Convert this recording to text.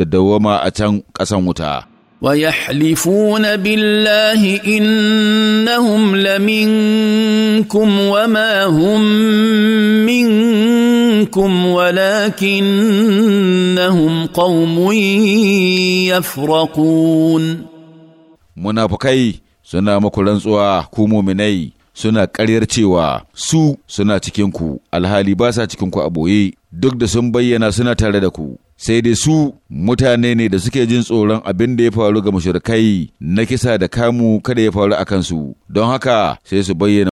da dawama a can ƙasan wuta. ويحلفون بالله انهم لمنكم وما هم منكم ولكنهم قوم يفرقون munafukai suna muku rantsuwa ku muminai suna ƙaryar cewa su suna cikinku alhali ba sa cikinku a boye duk da sun bayyana suna tare da ku, sai dai su mutane ne da suke jin tsoron abin da ya faru ga mashirkai na kisa da kamu kada ya faru a kansu, don haka sai su bayyana